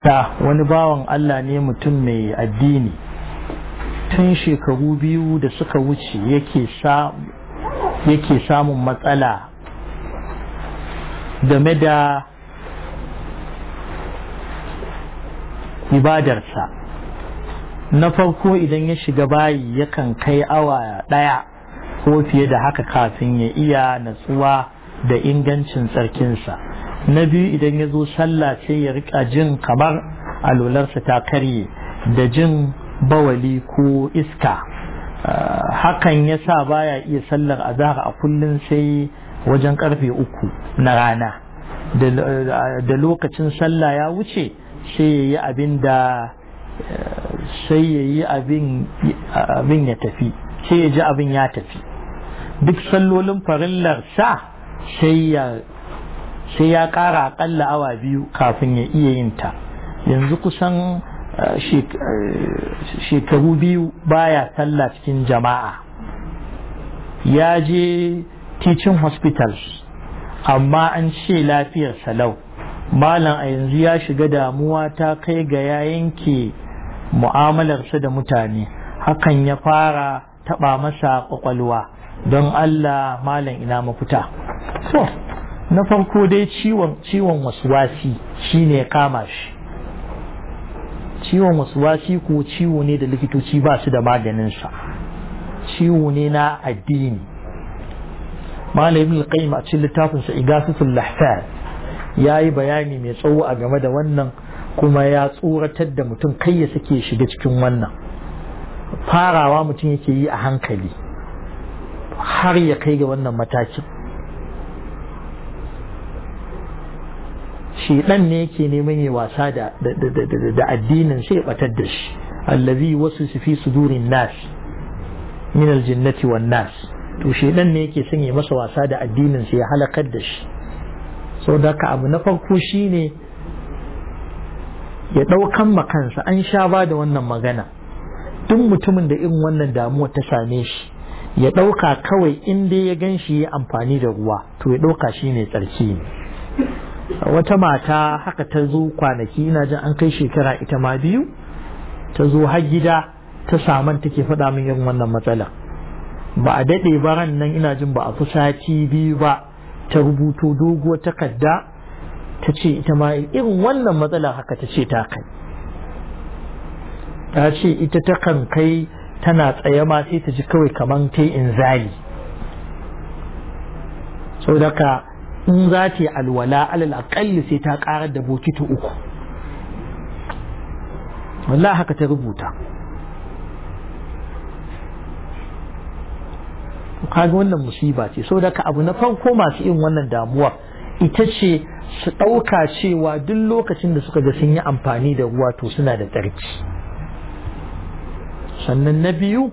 ta wani bawan Allah ne mutum mai addini tun shekaru biyu da suka wuce yake samun matsala game da ibadarsa na farko idan ya shiga bayi yakan kai awa ɗaya ko fiye da haka kafin ya iya natsuwa da ingancin tsarkinsa na biyu idan ya zo sallah sai ya rika jin kamar alularsa ta karye da jin bawali ko iska ah, hakan ya sa baya iya sallar azhar a kullum sai wajen karfe uku na rana da lokacin sallah ya wuce sai ya yi abin da sai ya yi abin ya tafi sai ya ji abin ya tafi duk sallolin farillar sa sai ya sai ya kara aƙalla awa biyu kafin ya iya yin ta yanzu kusan eh, eh, shekaru biyu baya sallah cikin jama'a ya je teaching hospitals amma an ce lafiyar salau malam a yanzu ya shiga damuwa ta kai ga ya yanke mu'amalarsa da mutane hakan ya fara taɓa masa kwakwalwa don allah malam ina mafuta so na farko dai ciwon ciwon waswasi shine ya kama shi ciwon waswasi ko ciwo ne da likitoci ba su da maganinsa ciwo ne na addini malamin alƙaim a cikin littafinsa igasusul lahfaz ya yi bayani mai tsawo a game da wannan kuma ya tsoratar da mutum kai ya suke shiga cikin wannan farawa mutum yake yi a hankali har ya kai ga wannan matakin shedan ne yake neman ya wasa da addinin sai ya batar da shi allazi wasu su fi sudurin nas min aljinnati wan nas to shedan ne yake son ya masa wasa da addinin sai ya halakar da shi so da ka abu na farko shine ya daukan makansa an sha ba da wannan magana duk mutumin da irin wannan damuwa ta same shi ya ɗauka kawai in dai ya ganshi shi ya amfani da ruwa to ya ɗauka shine tsarki ne wata mata haka ta zo kwanaki ina jin an kai shekara ita ma biyu ta zo har gida ta saman take faɗa min irin wannan matsala ba a daɗe ba ran nan ina jin ba a fi sati biyu ba ta rubuto doguwar takarda ta ce ita ma irin wannan matsala haka ta ce ta kai ta ce ita ta kan kai tana tsaye ma sai ta ji kawai kamar ta inzali so, in za ta yi alwala alal aƙalli sai ta ƙarar da bokiti uku wallah haka ta rubuta kaga wannan musiba ce so daga abu na farko masu yin wannan damuwa ita ce su ɗauka cewa duk lokacin da suka ga sun yi amfani da ruwa to suna da tsarki sannan na biyu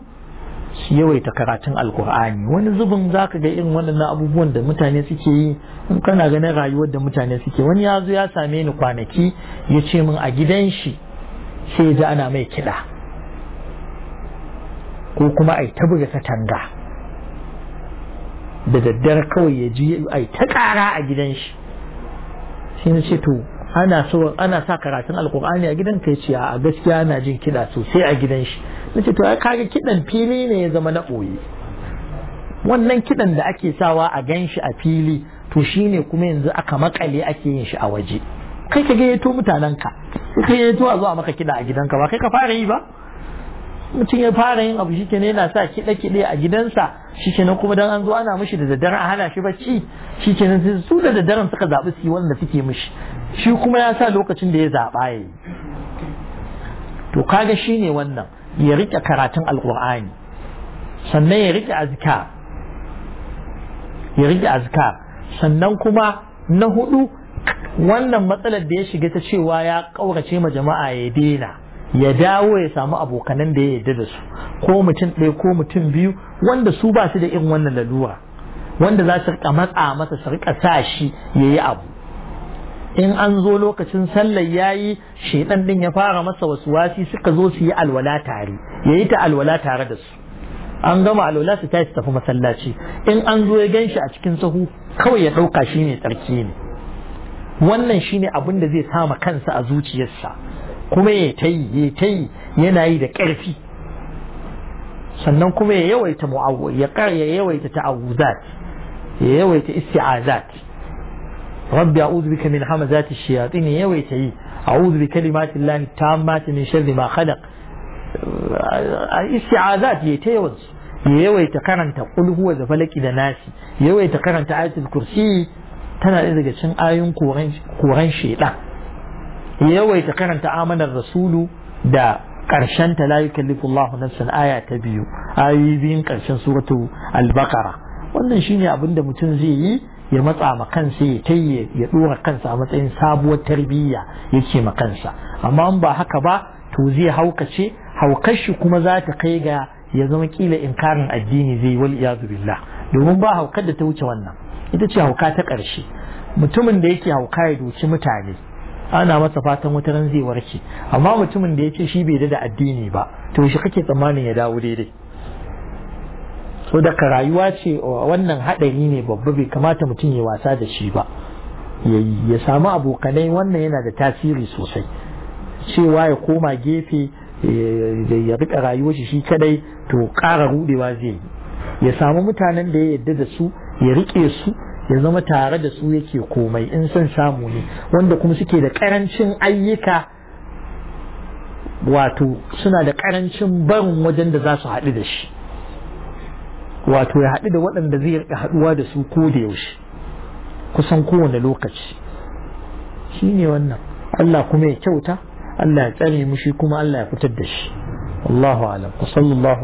su yawaita karatun alkur'ani wani zubin za ka ga irin waɗannan abubuwan da mutane suke yi in kana ganin rayuwar da mutane suke wani ya zo ya same ni kwanaki ya ce min a gidan shi sai ji ana mai kiɗa ko kuma ai ta buga katanga da daddare kawai ya ji ai ta ƙara a gidan shi sai na ce to ana sa karatun alkur'ani a gidan ka ya ce a gaskiya ana jin kiɗa sosai a gidan shi nace to ya kaga kidan fili ne ya zama na boye wannan kidan da ake sawa a ganshi a fili to shine kuma yanzu aka makale ake yin shi a waje kai ka gayyato mutanen ka gayyato a zo a maka kida a gidanka ba kai ka fara yi ba mutum ya fara yin abu shike ne yana sa kiɗe kiɗe a gidansa shike nan kuma dan an zo ana mishi da daddare a hana shi bacci ke nan sai su da daddaren suka zaɓi su yi wanda suke mishi shi kuma ya sa lokacin da ya zaɓa ya yi to kaga shine wannan ya rike karatun alkur'ani sannan ya rike azkar ya rike azkar sannan kuma na hudu wannan matsalar da ya shiga ta cewa ya ƙaurace ma jama'a ya daina ya dawo ya samu abokanan da ya yarda da su ko mutum ɗaya ko mutum biyu wanda su ba su da irin wannan lalura wanda za su rika matsa masa su rika sa shi ya yi abu in an zo lokacin sallar yayi shaidan din ya fara masa wasu wasi suka zo su yi alwala tare yayi ta alwala tare da su an gama alwala su tashi tafi masallaci in an zo ya ganshi a cikin sahu kawai ya dauka shi ne tsarki ne wannan shine abin da zai sama kansa a zuciyarsa kuma ya tayi ya tayi yana yi da ƙarfi sannan kuma ya yawaita mu'awwa ya yawaita ta'awuzat ya yawaita isti'azat رب أعوذ بك من همزات الشياطين يويتي أعوذ بكلمات الله التامات من شر ما خلق استعاذات يتيوز يويت قرنت قل هو ذا فلك إذا ناسي يويت قرنت آية الكرسي تنا إذا جسم آي قرن شيطان يويت قرنت آمن الرسول دا قرشان لا يكلف الله نفسا آية تبيو آي بين سورة البقرة وأن شيني أبن متنزيه ya matsa ma kansa ya tayye ya dora kansa a matsayin sabuwar tarbiyya yake ma kansa amma in ba haka ba to zai haukace haukar shi kuma za ta kai ga ya zama kila inkarin addini zai wal iyadu billah domin ba haukar da ta wuce wannan ita ce hauka ta karshe mutumin da yake hauka ya doci mutane ana masa fatan wata ran zai warke amma mutumin da ya ce shi bai da addini ba to shi kake tsammanin ya dawo daidai so daga rayuwa ce wannan haɗari ne babba bai kamata mutum ya wasa da shi ba ya samu abokanai wannan yana da tasiri sosai cewa ya koma gefe ya rika rayuwar shi shi kadai to ƙara rudewa zai yi ya samu mutanen da ya yarda da su ya rike su ya zama tare da su yake komai in son samu ne wanda kuma suke da ƙarancin ayyuka wato suna da ƙarancin barin wajen da za su haɗu da shi wato ya haɗu da waɗanda zai rika haɗuwa da su ko da yaushe kusan kowane lokaci shi ne wannan Allah kuma ya kyauta Allah ya tsare mu shi kuma Allah ya fitar da shi wallahu alam